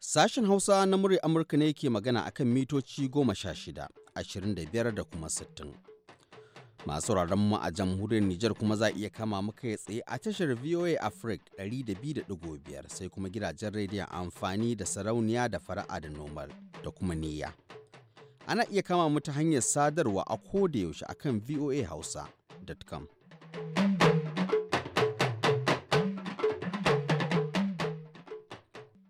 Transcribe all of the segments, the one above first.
Sashen Hausa na murya Amurka ne ke magana a kan mitoci goma sha shida, ashirin da biyar da kuma sittin. Masu wuraren mu a jamhuriyar Nijar kuma za iya kama muka ya tsaye a tashar VOA Africa 200.5 sai kuma gidajen rediyon amfani da sarauniya da fara'a da nomal da kuma niyya. Ana iya kama mu ta hanyar sadarwa a koda yaushe akan VOA Hausa hausa.com.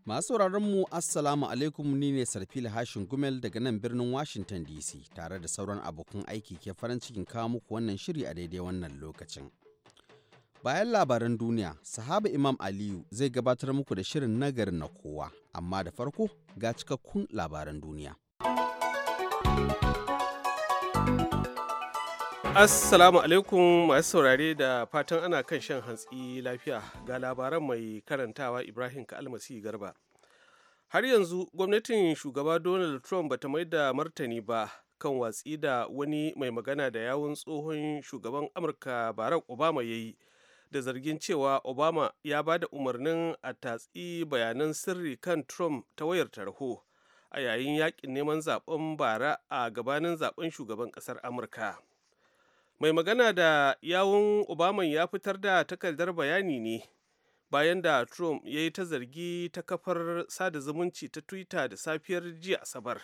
Masu mu Assalamu alaikum ni ne Sarfila Hashin Gumel daga nan birnin Washington DC tare da sauran abokan aiki ke farin cikin kawo muku wannan shiri a daidai wannan lokacin. Bayan labaran duniya, sahaba Imam Aliyu zai gabatar muku da shirin nagarin na kowa, amma da farko ga cikakkun labaran duniya. Assalamu alaikum masu saurare da fatan ana kan shan hantsi lafiya ga labaran mai karantawa Ibrahim Kalmasi Garba. Har yanzu gwamnatin shugaba Donald Trump bata mai da martani ba kan watsi da wani mai magana da yawun tsohon shugaban Amurka Barack Obama ya yi da zargin cewa Obama ya ba da umarnin a tatsi bayanan sirri kan Trump ta wayar tarho a yayin yakin neman zaben bara a gabanin zaben shugaban ƙasar Amurka. mai magana da yawun obama ya fitar da takardar bayani ne bayan da trump ya yi ta zargi ta kafar sada zumunci ta twitter da safiyar jiya asabar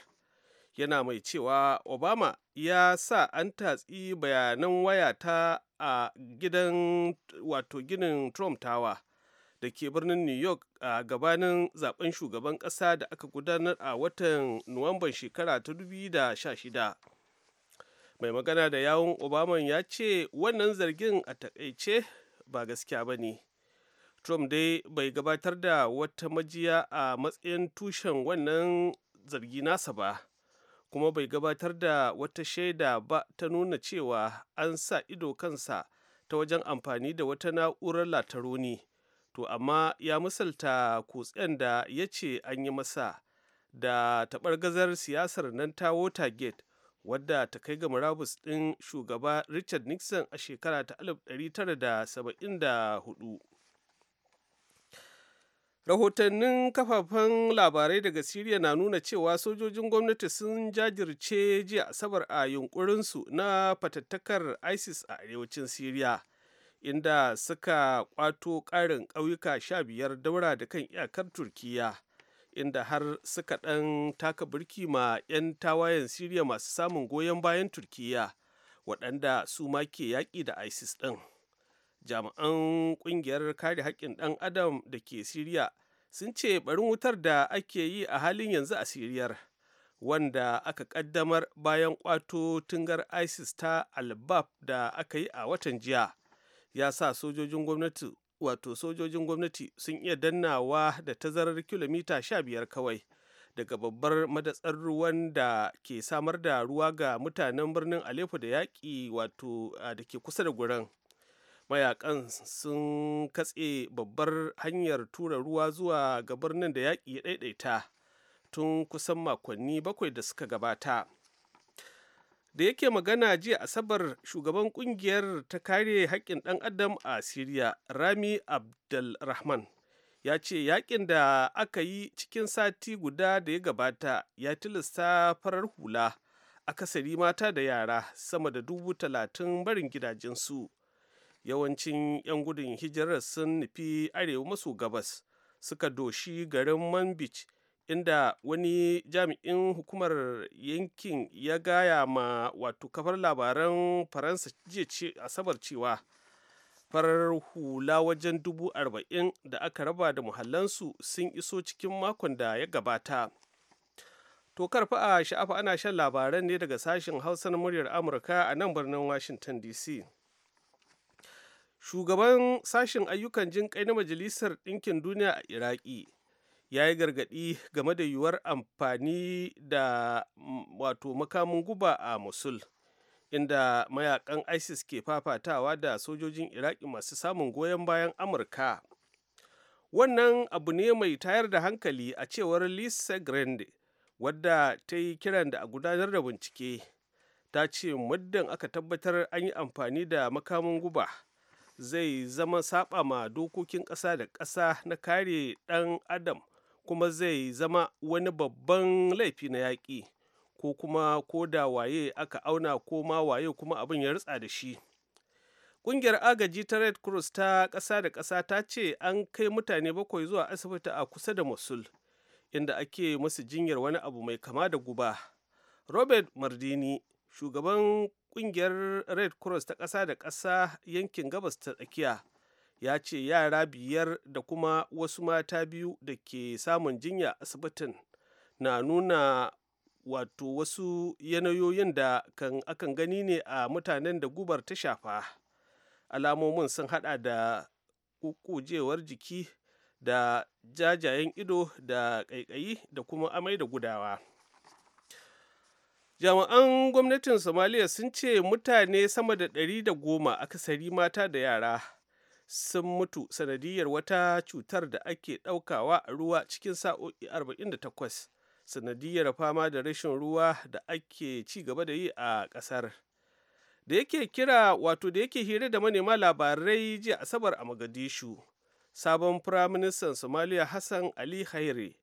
yana mai cewa obama ya sa an tatsi bayanan waya ta a gidan wato ginin trump tawa da ke birnin new york a gabanin zaben shugaban kasa da aka gudanar a watan nuwamban shekara ta 2016 mai magana da yawun obama ya ce wannan zargin a takaice ba gaskiya ba ne trump dai bai gabatar da wata majiya a matsayin tushen wannan zargi nasa ba kuma bai gabatar da wata shaida ba ta nuna cewa an sa ido kansa ta wajen amfani da wata na'urar lataroni to amma ya misalta kutsen da ya ce an yi masa da taɓar gazar siyasar nan ta watergate wadda ta kai ga murabus ɗin shugaba richard nixon a shekara ta 1974 rahotannin kafafen labarai daga siriya na nuna cewa sojojin gwamnati sun jajirce jiya asabar a yunkurinsu na fatattakar isis a arewacin siriya inda suka kwato ƙarin ƙauyuka sha biyar daura da kan iyakar turkiyya inda har suka ɗan taka birki ma 'yan tawayen siriya masu samun goyon bayan turkiya waɗanda su ma ke yaƙi da isis ɗin jami'an ƙungiyar kare haƙƙin ɗan adam da ke siriya sun ce barin wutar da ake yi a halin yanzu a siriyar wanda aka ƙaddamar bayan ƙwato tungar isis ta albab da aka yi a watan jiya ya sa sojojin gwamnati wato sojojin gwamnati sun iya dannawa da tazarar kilomita sha biyar kawai daga babbar madatsar ruwan da ke samar da ruwa ga mutanen birnin Aleppo da yaƙi wato da ke kusa da gurin. Mayakan sun katse babbar hanyar tura ruwa zuwa ga birnin da yaƙi ya ɗaiɗaita tun kusan makonni bakwai da suka gabata. da yake magana jiya asabar shugaban kungiyar ta kare haƙƙin ɗan adam a siriya rami abdulrahman ya ce yakin da aka yi cikin sati guda da ya gabata ya tilasta farar hula akasari mata da yara sama da dubu talatin barin gidajensu yawancin 'yan gudun hijirar sun nufi arewa maso gabas suka doshi garin manbij inda wani jami'in hukumar yankin ya gaya ma wato kafar labaran faransa jiya ce asabar cewa farar hula wajen dubu arba'in da aka raba da muhallansu sun iso cikin makon da ya gabata to karfa a sha'afa ana shan labaran ne daga sashen hausa na muryar amurka a nan birnin washington dc shugaban sashen ayyukan jin kai na majalisar ɗinkin duniya a iraki ya yi gargaɗi game da yiwuwar amfani da mm, wato makamin guba a mosul inda mayakan isis ke fafatawa da sojojin iraki masu samun goyon bayan amurka wannan abu ne mai tayar da hankali a cewar lisa grande wadda ta yi kiran da a gudanar da bincike ta ce muddin aka tabbatar an yi amfani da makamin guba zai zama saba ma dokokin ƙasa da ƙasa na kare ɗan adam kuma zai zama wani babban laifi na yaƙi ko kuma ko da waye aka auna ko ma waye kuma abin ya rutsa da shi ƙungiyar agaji ta red cross ta ƙasa da ƙasa ta ce an kai mutane bakwai zuwa asibiti a kusa da mosul inda ake musu jinyar wani abu mai kama da guba robert mardini shugaban ƙungiyar red cross ta ƙasa da ƙasa yankin gabas ta tsakiya ya ce yara biyar da kuma wasu mata biyu da ke samun jinya asibitin na nuna wato wasu yanayoyin da kan akan gani ne a mutanen da gubar ta shafa alamomin sun hada da kukujewar jiki da jajayen ido da ƙaiƙayi da kuma amai da gudawa jami'an gwamnatin somaliya sun ce mutane sama da ɗari da goma akasari mata da yara sun mutu sanadiyar wata cutar da ake ɗaukawa a ruwa cikin sa'o'i 48 sanadiyar fama da rashin ruwa da ake ci gaba da yi a ƙasar da yake kira wato da yake hira da manema labarai jiya asabar a magadishu sabon firaministan somaliya hassan ali haire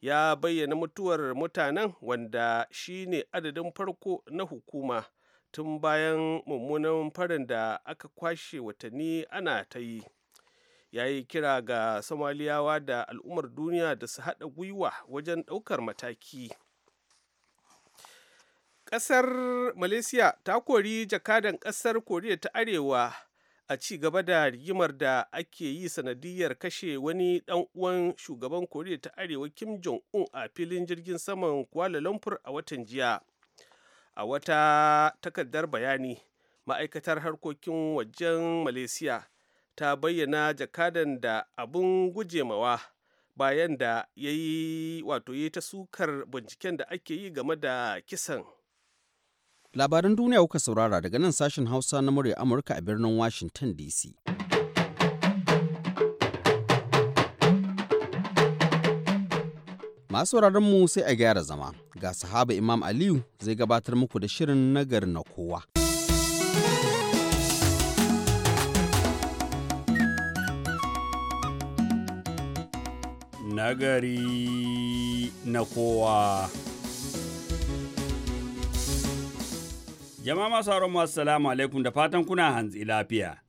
ya bayyana mutuwar mutanen wanda shine adadin farko na hukuma tun bayan mummunan farin da aka kwashe watanni ana ta yi ya yi kira ga samaliyawa da al'ummar duniya da su haɗa gwiwa wajen ɗaukar mataki ƙasar malaysia ta kori jakadan ƙasar koriya ta arewa a ci gaba da rigimar da ake yi sanadiyar kashe wani ɗan uwan shugaban koriya ta arewa kim jong-un a filin jirgin saman kuala lumpur a watan jiya a wata takardar bayani ma'aikatar harkokin wajen malaysia ta bayyana jakadan da abun gujemawa bayan da ya yi wato yi ta sukar binciken da ake yi game da kisan labaran duniya kuka saurara daga nan sashen hausa na murya amurka a birnin washington dc Masu mu sai a gyara zama, ga sahaba Imam Aliyu zai gabatar muku da shirin nagar na kowa. Nagari na kowa. Jama'a masu haramu, Assalamu alaikum da fatan kuna hanzi lafiya.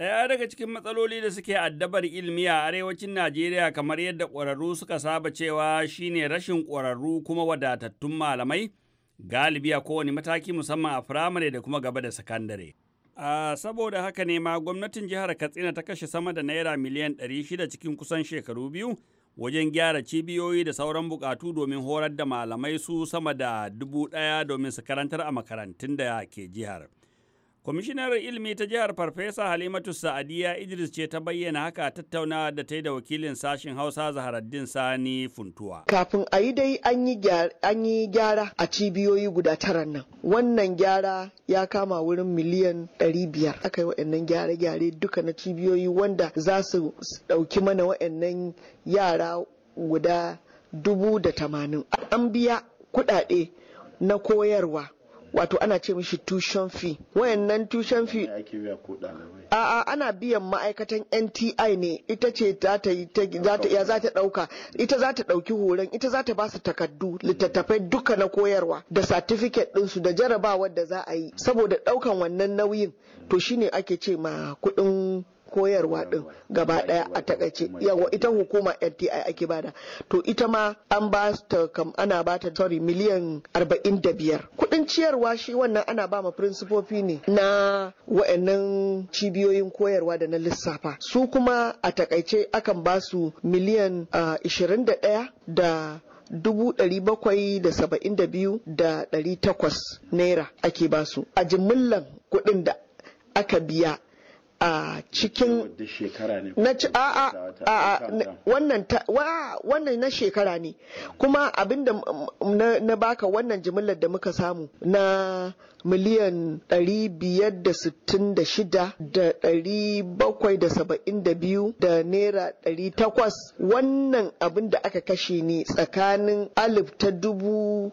Ɗaya daga cikin matsaloli da suke addabar ilmi a arewacin Najeriya kamar yadda ƙwararru suka saba cewa shine rashin ƙwararru kuma wadatattun malamai galibi a kowane mataki musamman a firamare da kuma gaba da sakandare. A saboda haka ne ma gwamnatin jihar Katsina ta kashe sama da naira miliyan ɗari 600 cikin kusan shekaru biyu wajen gyara cibiyoyi da sauran bukatu domin horar da malamai su sama da dubu ɗaya domin su karantar a makarantun da ke jihar. Kwamishinar ilimi ta jihar Farfesa Halimatu Sa'adiya Idris ce ta bayyana haka tattaunawa da ta yi da wakilin sashen Hausa Zaharaddin Sani Funtuwa. Kafin a yi dai an yi gyara a cibiyoyi guda tara nan. Wannan gyara ya kama wurin miliyan ɗari biyar. Aka yi waɗannan gyare-gyare duka na cibiyoyi wanda za su ɗauki mana waɗannan yara guda dubu da tamanin. An biya kuɗaɗe na koyarwa. wato ana ce mishi tushen fi wayannan tushen fi a'a ana biyan ma'aikatan NTI ne ita ce za ta ya za ta dauka ita za ta dauki horon ita za ta ba su takardu littattafai duka na koyarwa da satifiket ɗinsu da jarabawar da za a yi saboda daukan wannan nauyin to shine ake ce ma kuɗin koyarwa din gaba daya a takaice yawa ita hukuma LTI ake bada to ita ma an ba ta kam ana ba ta sorry miliyan 45 kudin ciyarwa shi wannan ana ba ma fee ne na wa'annan cibiyoyin koyarwa da na lissafa su kuma a takaice akan ba su miliyan 21 da da da da dubu ɗari ɗari bakwai saba'in biyu takwas naira ake basu a jimillan kuɗin da aka biya a cikin na ci a a wannan na shekara ne kuma abinda na baka wannan jimillar da muka samu na miliyan 566 da 772 da naira 800 wannan abin da aka kashe ne tsakanin alif ta dubu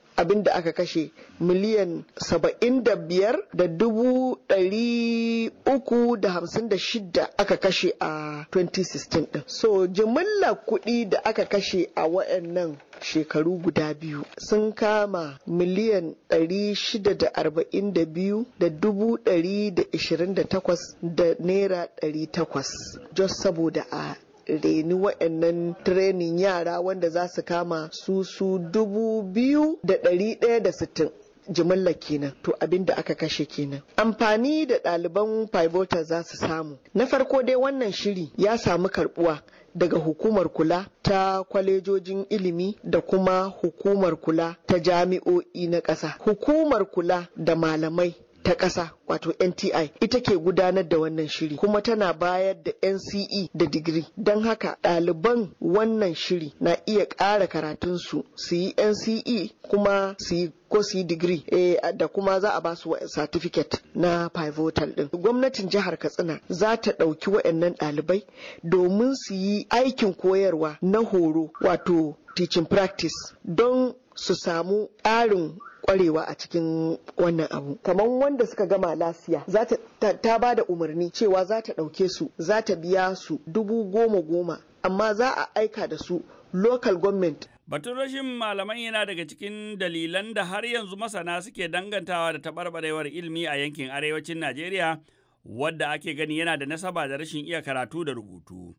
abin da aka kashe miliyan saba'in da biyar da dubu ɗari uku da hamsin da shida aka kashe a 2016 ɗin. So jimilla kuɗi da aka kashe a waɗannan shekaru guda biyu sun kama miliyan shida da dubu ɗari da naira 800 just saboda a reni wa'annan trenin yara wanda za su kama su su dubu biyu da ɗari ɗaya da sittin jimillar kenan to abin da aka kashe kenan amfani da ɗaliban pivota za su samu na farko dai wannan shiri ya samu karbuwa daga hukumar kula ta kwalejojin ilimi da kuma hukumar kula ta jami'o'i na ƙasa hukumar kula da malamai ta ƙasa wato NTI ita ke gudanar da wannan shiri kuma tana bayar da NCE da digiri don haka ɗaliban wannan shiri na iya ƙara karatunsu su yi NCE kuma su yi ko su yi digiri eh, da kuma za a ba su certificate na pivotal ɗin gwamnatin jihar katsina za ta ɗauki waɗannan ɗalibai domin su yi aikin koyarwa na horo wato teaching practice don su samu ƙarin kwarewa a cikin wannan abu kamar wanda suka gama lasiya za ta ta ba da umarni cewa za ta ɗauke su za ta biya su dubu goma goma amma za a aika da su local government Batun rashin malaman yana daga cikin dalilan da har yanzu masana suke dangantawa da tabarbarewar ilimi a yankin arewacin Najeriya, wadda ake gani yana da nasaba da rashin iya karatu da rubutu.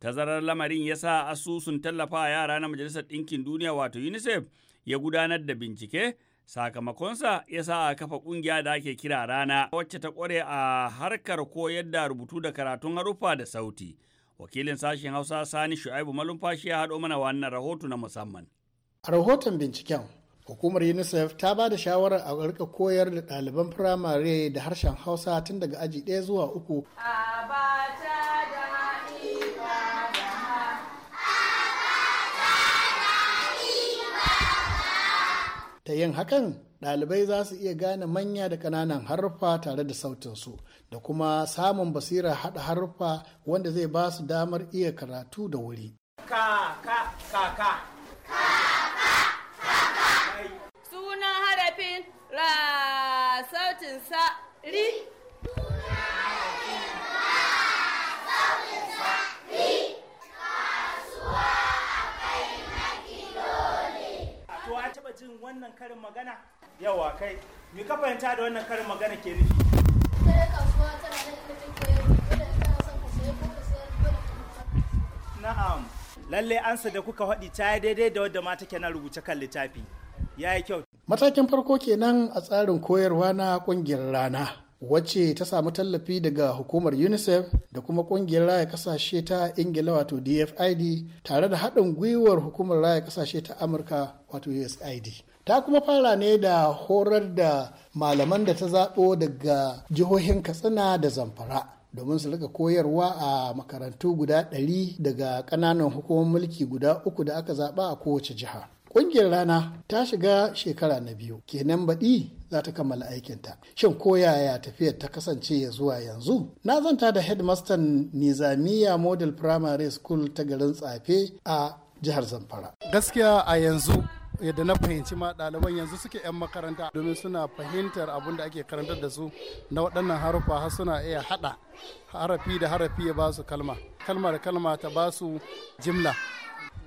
Tazarar lamarin ya sa asusun tallafa yara na Majalisar Ɗinkin Duniya wato UNICEF ya gudanar da bincike sakamakonsa ya sa a kafa kungiya da ake kira rana wacce ta kware a harkar koyar da rubutu da karatun haruffa da sauti wakilin sashen hausa sani shu'aibu malumfashi ya haɗo mana wannan rahoto na musamman a rahoton binciken hukumar unicef ta ba da shawarar a rika koyar da ɗaliban firamare da harshen hausa tun daga aji ɗaya zuwa uku ta yin hakan ɗalibai za su iya gane manya da ƙananan harfa tare da sautinsu da kuma samun basira haɗa harfa wanda zai ba su damar iya karatu da wuri. Kaka, kaka. Sunan harafin ra sautinsa ri. wannan karin magana yawa kai mi ka fahimta da wannan karin magana ke nufi na'am lallai ansa da kuka faɗi ta daidai da wadda ma take na rubuce kan littafi ya yi kyau matakin farko kenan a tsarin koyarwa na ƙungiyar rana wacce ta samu tallafi daga hukumar unicef da kuma ƙungiyar raya kasashe ta ingila wato dfid tare da haɗin gwiwar hukumar raya kasashe ta amurka wato usid ta kuma fara ne da horar da malaman da ta zaɓo daga jihohin katsina da zamfara domin su rika koyarwa a makarantu guda ɗari daga ƙananan hukumar mulki guda uku da aka zaɓa a kowace jiha ƙungiyar rana ta shiga shekara na biyu kenan baɗi za ta kammala aikinta shin ko yaya tafiyar ta kasance ya zuwa yanzu na zanta da headmastan nizamiya model primary school ta garin tsafe a jihar zamfara gaskiya a yanzu yadda na fahimci ma ɗaliban yanzu suke 'yan makaranta domin suna fahimtar abin da ake karantar da su na waɗannan harufa har suna iya haɗa harafi da harafi ya ba su kalma kalma da kalma ta ba su jimla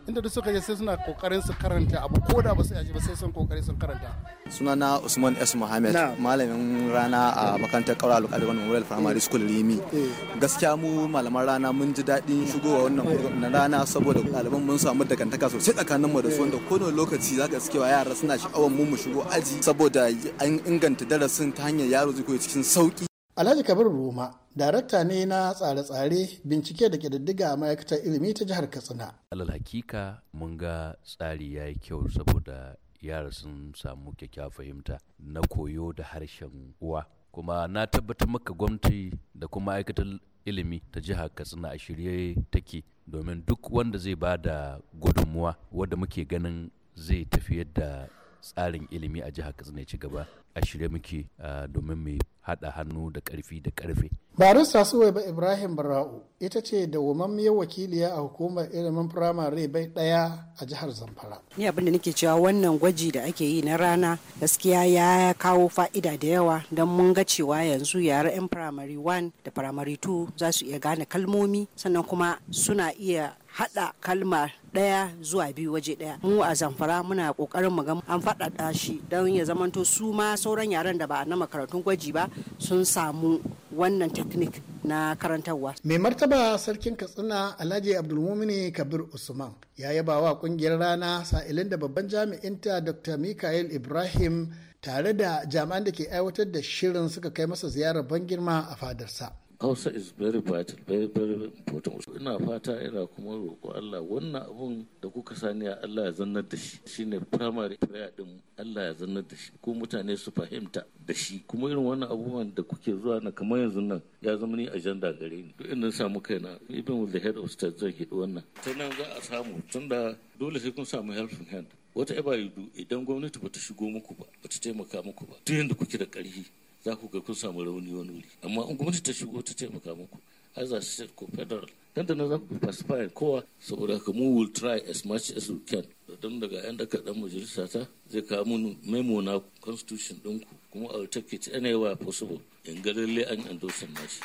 inda da suka je sai suna kokarin su karanta abu ko da ba su yaji ba sai sun kokari sun karanta sunana Usman S Muhammad malamin rana a makarantar Kaura Alƙalwan Memorial Primary School Rimi eh. gaskiya mu malaman rana mun ji daɗin shigowa wannan eh. na rana saboda ɗaliban mun samu dangantaka sosai tsakanin mu da su wanda eh. kowane lokaci zaka ga yara suna sha'awar mu mu shigo aji saboda an inganta darasin ta hanyar yaro zai koyi cikin sauki Alhaji Kabir Roma, darakta ne na tsare-tsare bincike da ƙididdiga a ma'aikatar ilimi ta jihar Katsina. Alal hakika mun ga tsari ya yi kyau saboda yara sun samu kyakkyawar fahimta na koyo da harshen uwa. Kuma na tabbatar maka gwamnati da kuma ma'aikatar ilimi ta jihar Katsina a shirye take domin duk wanda zai ba da gudunmuwa wadda muke ganin zai tafi yadda tsarin ilimi a jihar katsina ya ci gaba a shirye muke domin mu haɗa hannu da karfi da ƙarfe. barista ba ibrahim bara'u ita ce da wamammiyar wakiliya a hukumar ilimin firamare bai ɗaya a jihar zamfara ni abin da nake cewa wannan gwaji da ake yi na rana gaskiya ya kawo fa'ida da yawa don mun ga cewa yanzu yara 'yan firamare 1 da firamare 2 za su iya gane kalmomi sannan kuma suna iya haɗa kalma ɗaya zuwa biyu waje ɗaya mu a zamfara muna ƙoƙarin mu ga an faɗaɗa shi don ya zamanto su ma sauran yaren da ba na makarantun gwaji ba sun samu wannan teknik na karantarwa. Mai martaba sarkin Katsina Alhaji Abdulmumini Kabir Usman ya yaba wa kungiyar rana sa'ilin da babban jami'inta Dr. Mikael Ibrahim tare da jami'an da ke aiwatar da shirin suka kai masa ziyarar ban girma a fadarsa. hausa is very vital very very important ina fata ina kuma roƙo allah wannan abun da kuka sani allah ya zannar da shi shine primary prayer din allah ya zannar da shi ko mutane su fahimta da shi kuma irin wannan abubuwan da kuke zuwa na kamar yanzu nan ya zama ni ajanda gare ni duk inda samu kaina even with the head of state zan ke wannan ta nan za a samu tunda dole sai kun samu helping hand wata eba idan gwamnati bata shigo muku ba bata taimaka muku ba duk yadda kuke da ƙarfi za ku ga kun samu rauni wani wuri amma in gwamnati ta shigo ta taimaka muku either state ko federal dan da na za ku pacify kowa saboda haka mu will try as much as we can don daga yan ka dan majalisa ta zai kawo mun memo na constitution din ku. kuma a will take it anywhere possible in ga lalle an endorse nashi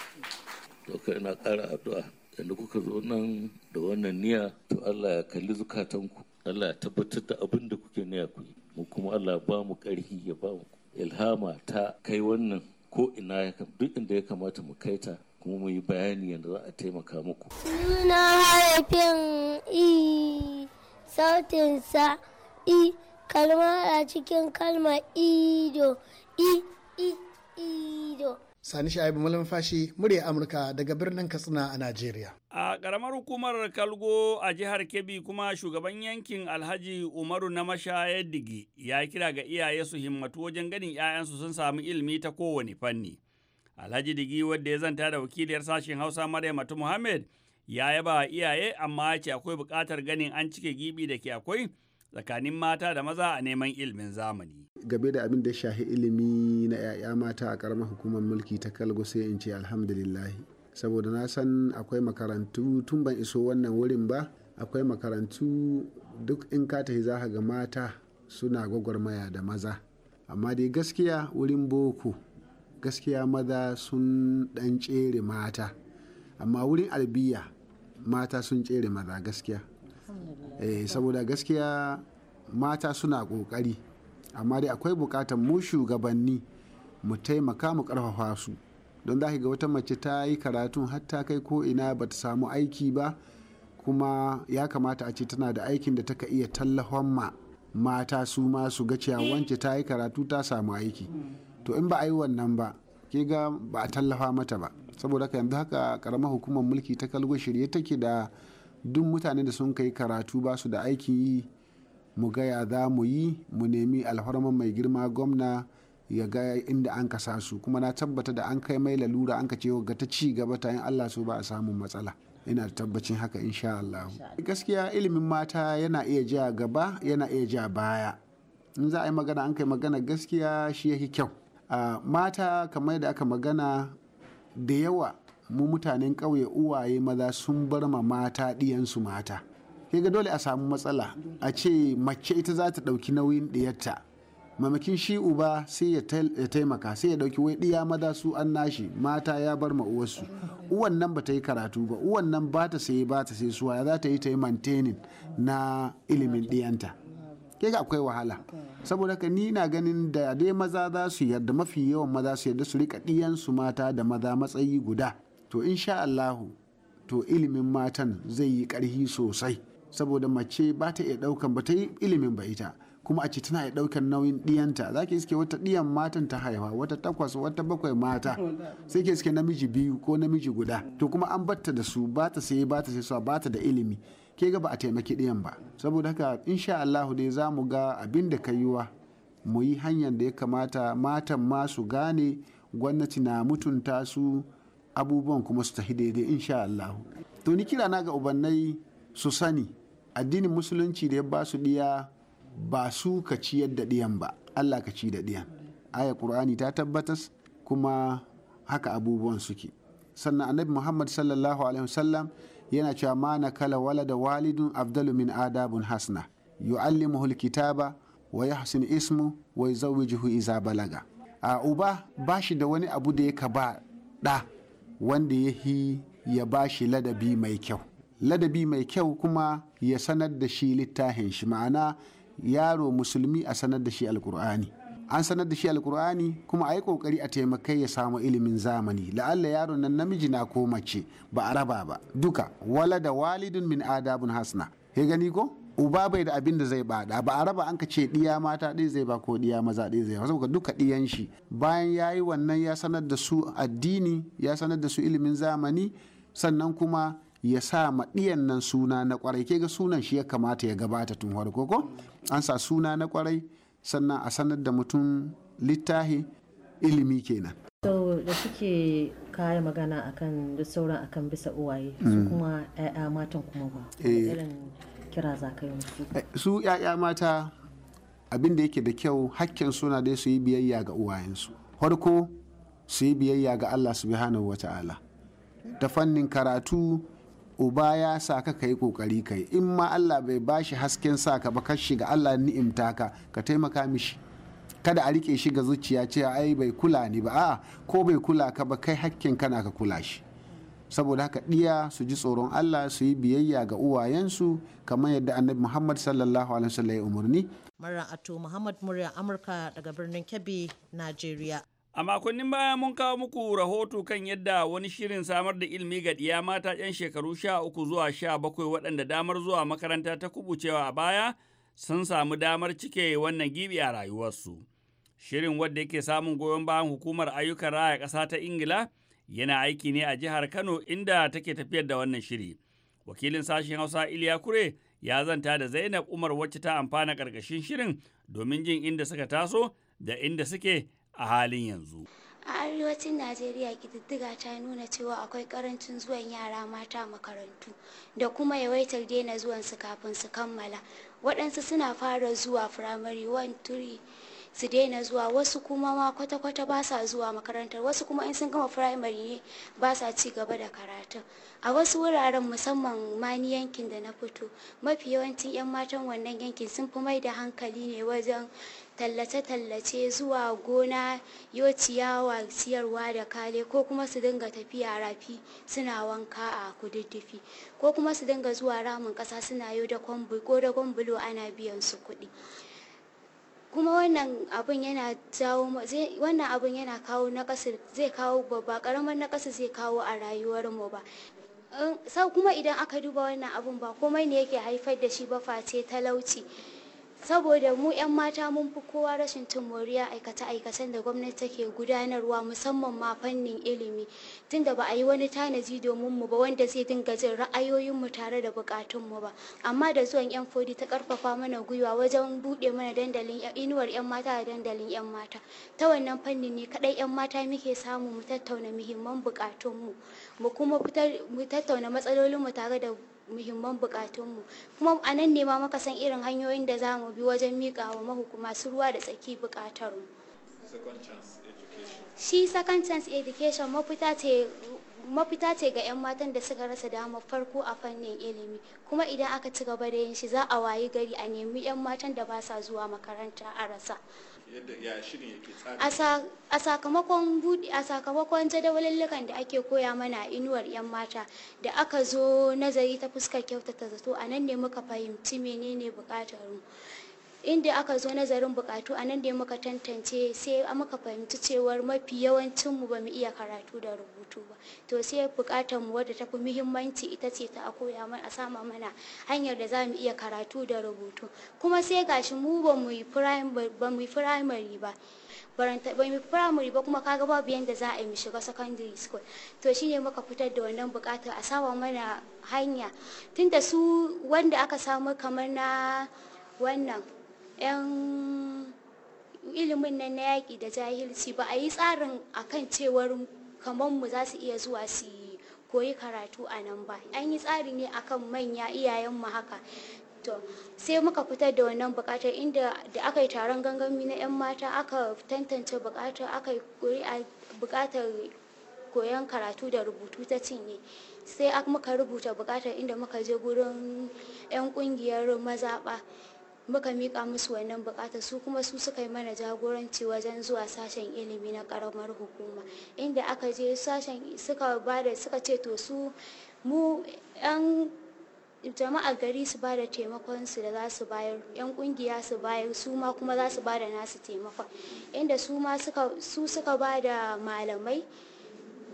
to kai na ƙara addu'a yadda kuka zo nan da wannan niyya to Allah ya kalli zukatanku Allah ya tabbatar da abin da kuke niyya ku mu kuma Allah ba mu ƙarfi ya ba mu ilhama ta kai wannan ko ina duk inda ya kamata mu kai ta kuma mu yi bayani yadda za a taimaka muku. Suna haifin i sautinsa i kalma a cikin kalma ido i i ido. Sani Sha'ibu Malumfashi, murya Amurka daga birnin Katsina a Najeriya. A ƙaramar hukumar Kalgo a jihar Kebbi kuma shugaban yankin Alhaji Umaru na mashaya, digi ya kira ga iyaye su himmatu wajen ganin 'ya'yansu sun samu ilimi ta kowane fanni. Alhaji digi wadda ya zanta da wakiliyar sashen Hausa Maryamatu Muhammad ya yaba wa iyaye amma ya ce akwai buƙatar ganin an cike gibi da ke akwai tsakanin mata da maza a neman ilimin zamani. Game da abin da ya shafi ilimi na 'ya'ya mata a ƙaramar hukumar mulki ta Kalgo sai in ce alhamdulillahi. saboda na san akwai makarantu tun ban iso wannan wurin ba akwai makarantu duk in ka tafi za ga mata suna gwagwarmaya da maza amma dai gaskiya wurin boko gaskiya maza sun dan cere mata amma wurin albiya mata sun cere maza gaskiya eh, saboda gaskiya mata suna kokari amma dai akwai bukatan mu shugabanni mu taimaka mu karfafa su don za ga wata mace ta yi karatun hatta kai ko ina ba ta samu aiki ba kuma ya kamata a ce tana da aikin da taka iya tallafon ma mata su ma su ga cewa wance ta yi karatu ta samu aiki to in ba a yi wannan ba ke ga ba a tallafa mata ba saboda haka yanzu haka karamar hukumar mulki ta kalgo shirye take da duk mutane da sun kai karatu ba su da aiki yi mu gaya za mu yi mu nemi alfarman mai girma gwamna ya ga inda an ka su kuma na tabbata da an kai mai lalura an ka ce ga ta ci gaba ta yin Allah so ba a samun matsala ina da tabbacin haka insha Allah gaskiya ilimin mata yana iya ja gaba yana iya ja baya in za a yi magana an kai magana gaskiya shi yake kyau mata kamar da aka magana da yawa mu mutanen ƙauye uwaye maza sun bar ma mata ɗiyansu mata ga dole a samu matsala a ce mace ita za ta ɗauki nauyin ɗiyarta mamakin shi uba sai ya taimaka sai ya dauki wai diya maza su an nashi mata ya bar ma uwarsu uwan nan ba yi karatu ba uwan nan ba ta sai ba ta sai suwa za ta yi ta yi maintaining na ilimin diyanta ke ga akwai wahala saboda ka ni na ganin da dai maza za su yarda mafi yawan maza su yarda su rika su mata da maza matsayi guda to insha Allahu to ilimin matan zai yi karhi sosai saboda mace ba ta iya daukan ba ta yi ilimin ba ita kuma a ce tana da ɗaukan nauyin ɗiyanta za ki iske wata ɗiyan matan ta haifa wata takwas wata bakwai mata sai ke iske namiji biyu ko namiji guda to kuma an batta da su ba ta sai ba ta sai ba ta da ilimi ke ga ba a taimaki ɗiyan ba saboda haka insha Allahu dai za mu ga abin da ka wa mu yi hanyar da ya kamata matan ma su gane gwamnati na mutunta su abubuwan kuma su tafi daidai insha Allah to ni kira na ga ubannai su sani addinin musulunci da ya ba su diya ba su ka ciyar da ɗiyan ba Allah ka ci da ɗiyan aya ƙur'ani ta tabbatas kuma haka abubuwan suke sannan annabi muhammad sallallahu alaihi wasallam yana cewa ma na kala wala da walidun afdalu min adabun hasna yu'allimuhu alkitaba wa yahsin ismu wa yuzawwijuhu iza balaga a uba ba shi da wani abu da yaka ba ɗa wanda ya hi ya ba ladabi mai kyau ladabi mai kyau kuma ya sanar da shi littafin shi ma'ana yaro musulmi a sanar da shi alkur'ani an sanar da shi alkur'ani kuma a yi kokari a taimakai ya samu ilimin zamani la'alla yaron nan namiji na ko mace ba a raba ba duka wala da walidun min adabun hasna ya gani ko uba bai da abin da zai bada ba a raba an ka ce diya mata ɗaya zai ba ko diya maza ɗaya zai ba saboda duka diyan shi bayan ya yi wannan ya sanar da su addini ya sanar da su ilimin zamani sannan kuma ya sa ma nan suna na kwarai ke ga sunan shi ya kamata ya gabata tun farko ko an sa suna na kwarai sannan a sanar da mutum littahi ilimi kenan so da suke kaya magana akan da sauran akan bisa uwaye su mm. kuma 'ya'ya matan kuma ba eh. irin kira za ka yi eh, su 'ya'ya mata abin da yake da kyau hakken suna dai su yi biyayya ga uwayensu farko su yi biyayya ga allah subhanahu wa ta'ala ta fannin karatu uba ya sa ka kai kokari kai in ma Allah bai bashi hasken sa ka ba ka shiga Allah ni'imta ka ka taimaka mishi kada a rike shi ga zuciya cewa ai bai kula ni ba a'a ko bai kula ka ba kai hakkin kana ka kula shi saboda haka ɗiya su ji tsoron Allah su yi biyayya ga uwayensu kamar yadda annabi Muhammad sallallahu alaihi wasallam ya umarni. Maran Ato Muhammad murya Amurka daga birnin Kebbi, Najeriya. A makonnin baya mun kawo muku rahoto kan yadda wani shirin samar da ilimi ga ɗiya mata 'yan shekaru sha uku zuwa sha bakwai waɗanda damar zuwa makaranta ta kubucewa a baya sun samu damar cike wannan gibi a rayuwarsu. Shirin wadda yake samun goyon bayan hukumar ayyukan raya ƙasa ta Ingila yana aiki ne a jihar Kano inda take tafiyar da wannan shiri. Wakilin sashen Hausa Iliya Kure ya zanta da Zainab Umar wacce ta amfana ƙarƙashin shirin domin jin inda suka taso da inda suke a halin yanzu. A arewacin Najeriya ƙididdiga ta nuna cewa akwai karancin zuwan yara mata makarantu da kuma yawaitar daina zuwan su kafin su kammala. Waɗansu suna fara zuwa firamare 1-3 su daina zuwa wasu kuma ma kwata-kwata ba sa zuwa makarantar wasu kuma in sun gama firamare ne ba sa ci gaba da karatu a wasu wuraren musamman ma ni yankin da na fito mafi yawancin 'yan matan wannan yankin sun fi mai da hankali ne wajen tallace-tallace zuwa gona yo ciyawa ciyarwa da kale ko kuma su dinga tafiya rafi suna wanka a kududdufi ko kuma su dinga zuwa ramin kasa suna yau da ko da kwambulo ana biyan su kuɗi kuma wannan abun yana kawo nakasir zai kawo babba karamar nakasa zai kawo a rayuwar mu ba sau kuma idan aka duba wannan abun ba komai ne yake haifar da shi ba face talauci saboda mu 'yan mata mun fi kowa rashin cin moriya aikace-aikacen da gwamnati take gudanarwa musamman ma fannin ilimi tunda ba a yi wani tanaji domin mu ba wanda zai dinga jin ra'ayoyinmu tare da bukatun mu ba amma da zuwan 'yan fodi ta karfafa mana gwiwa wajen bude mana dandalin inuwar 'yan mata da dandalin 'yan mata ta wannan fannin ne kaɗai 'yan mata muke samu mu tattauna muhimman bukatunmu mu kuma mu tattauna matsalolinmu tare da muhimman bukatunmu kuma a nan ne ma muka san irin hanyoyin da za mu bi wajen miƙa wa mahukuma su ruwa da tsaki mu. shi second chance education mafita ce mafita ce ga 'yan matan da suka rasa damar farko a fannin ilimi kuma idan aka ci gaba da yin shi za a wayi gari a nemi 'yan matan da ba sa zuwa makaranta a rasa a sakamakon budi a sakamakon jadawalin da ake koya mana a inuwar yan mata da aka zo nazari ta fuskar kyautata zato a nan ne muka fahimci menene bukatar mu inda aka zo nazarin bukatu a nan ne muka tantance sai muka fahimci cewar mafi yawancinmu ba mu iya karatu da rubutu ba to sai bukatar mu wadda ta fi muhimmanci ita ce ta koya mana a sama mana hanyar da za mu iya karatu da rubutu kuma sai gashi mu ba mu yi firamare ba baranta mu primary ba kuma kaga babu yanda za a yi mu shiga secondary school to shine muka fitar da wannan bukatar a sama mana hanya tunda su wanda aka samu kamar na wannan 'yan ilimin nan na yaƙi da jahilci ba a yi tsarin akan cewar kamar mu za su iya zuwa su koyi karatu a nan ba an yi tsari ne akan manya iyayenmu haka to sai muka fitar da wannan bukatar inda da aka yi taron gangami na 'yan mata aka tantance bukatar aka yi bukatar koyon karatu da rubutu ta cinye sai muka rubuta bukatar inda muka je gurin 'yan kungiyar mazaɓa muka mika musu wannan bukata su kuma su suka yi mana jagoranci wajen zuwa sashen ilimi na karamar hukuma inda aka je sashen suka bada suka ce to su mu yan jama'a gari su ba da taimakon su da za su bayar yan kungiya su bayar su ma kuma za su ba da nasu taimakon inda su ma su suka ba da malamai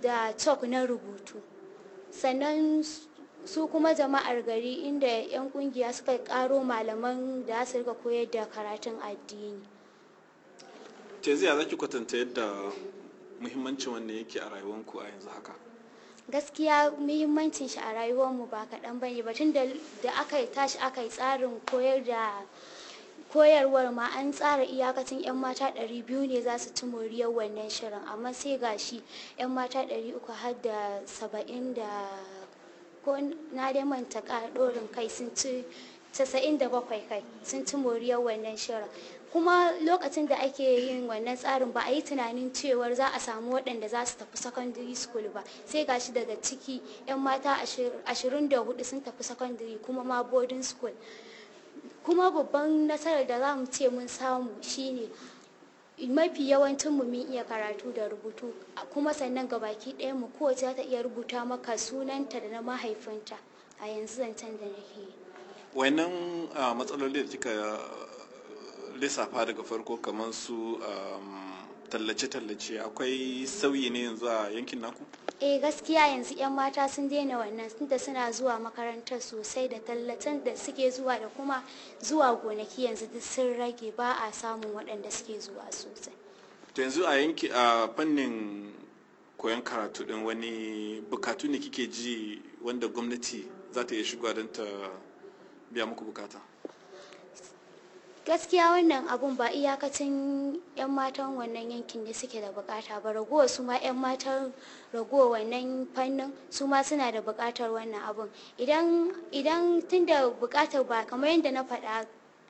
da chalk na rubutu sannan su kuma jama'ar gari inda 'yan kungiya suka karo malaman da su rika koyar da karatun addini teziya zai zaki kwatanta yadda muhimmancin wannan yake a rayuwanku a yanzu haka gaskiya muhimmancin shi a rayuwarmu ba kaɗan ba ne batun da aka tashi aka yi tsarin koyar da koyarwar ma an tsara iyakacin 'yan mata 200 ne za su ci moriyar wannan shirin amma sai gashi 'yan mata 300 har da 70 ko na dai manta ɗorin kai sun ci 97 kai sun ci moriyar wannan shirin kuma lokacin da ake yin wannan tsarin ba a yi tunanin cewar za a samu waɗanda za su tafi secondary school ba sai gashi daga ciki 'yan mata ashirin da hudu sun tafi secondary kuma ma boarding school kuma babban nasarar da za mu ce mun samu shine mafi yawancin mu mun iya karatu da rubutu kuma sannan ga baki ɗaya mu kowace za ta iya rubuta maka sunanta da na mahaifinta a yanzu zancen da nake yi wannan ah, matsaloli da kika lissafa daga farko kamar su um, tallace-tallace akwai sauyi ne yanzu a yankin naku? eh gaskiya yanzu 'yan mata sun daina wannan tunda suna zuwa makarantar sosai da tallatan da suke zuwa da kuma zuwa gonaki yanzu duk sun rage ba a samun waɗanda suke zuwa sosai to yanzu a yanki a fannin koyon karatu ɗin wani bukatu ne kike ji wanda gwamnati za ta iya shigowa don ta biya muku bukata gaskiya wannan abun ba iyakacin 'yan matan wannan yankin ne suke da bukata ba ragowa su ma 'yan matan ragowa wannan fannin su ma suna da bukatar wannan abun idan tun da bukatar ba kamar yadda na faɗa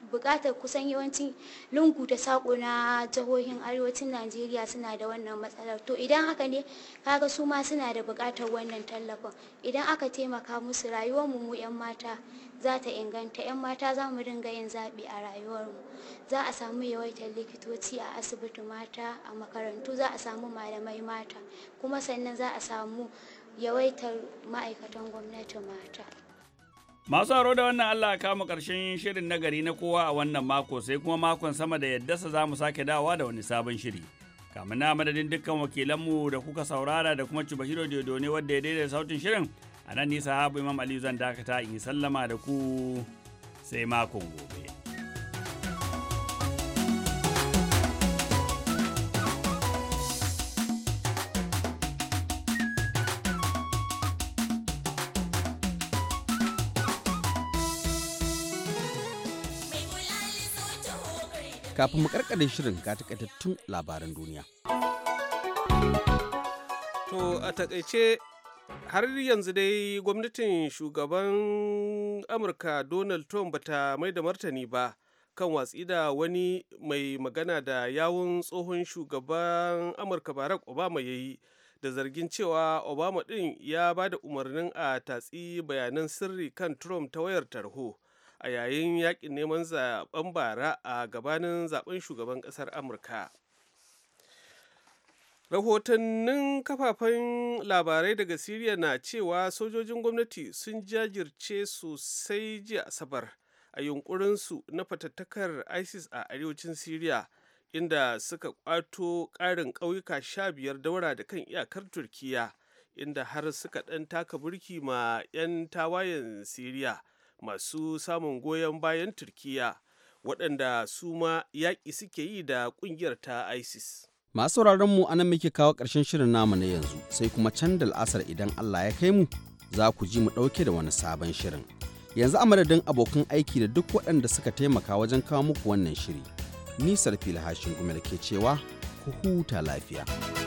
bukatar kusan yawancin lungu da sako na jihohin arewacin najeriya suna da wannan matsalar to idan haka ne kaga su ma suna da bukatar wannan tallafin idan aka taimaka musu rayuwar mu mu yan mata za ta inganta yan mata za mu dinga yin zaɓi a rayuwar mu za a samu yawaitar likitoci a asibiti mata a makarantu za a samu malamai mata kuma sannan za a samu yawaitar ma'aikatan gwamnati mata Masu haro da wannan Allah kama ƙarshen shirin nagari na kowa a wannan mako sai kuma makon sama da yaddasa za mu sake dawa da wani sabon shiri. Kamun na madadin dukkan wakilanmu da kuka saurara da kuma shiro da ne wadda ya daidaita sautin shirin a nan nisa habu Imam Aliyu zan dakata in sallama da ku sai makon gobe. kafin mu karkare shirin ga takaitattun labaran duniya. To a takaice har yanzu dai gwamnatin shugaban Amurka Donald Trump bata mai da martani ba kan watsi da wani mai magana da yawun tsohon shugaban Amurka Barack Obama ya yi da zargin cewa Obama ɗin ya ba da umarnin a tatsi bayanan sirri kan Trump ta wayar tarho. a yayin yakin neman zaben bara a gabanin zaben shugaban kasar amurka rahotannin kafafen labarai daga siriya na cewa sojojin gwamnati sun jajirce sosai jiya asabar a yunkurinsu na fatattakar isis a arewacin siriya inda suka kwato ƙarin ƙauyuka sha biyar daura da kan iyakar turkiya inda har suka ɗan taka burki ma 'yan tawayen siriya masu samun goyon bayan turkiya waɗanda su ma yaƙi suke yi da ƙungiyar ta isis masu mu anan muke kawo ƙarshen shirin namu na yanzu sai kuma can da al'asar idan allah ya kai mu za ku ji mu ɗauke da wani sabon shirin yanzu a madadin abokan aiki da duk waɗanda suka taimaka wajen kawo muku wannan shiri nisar fili hashin gumel ke cewa ku huta lafiya.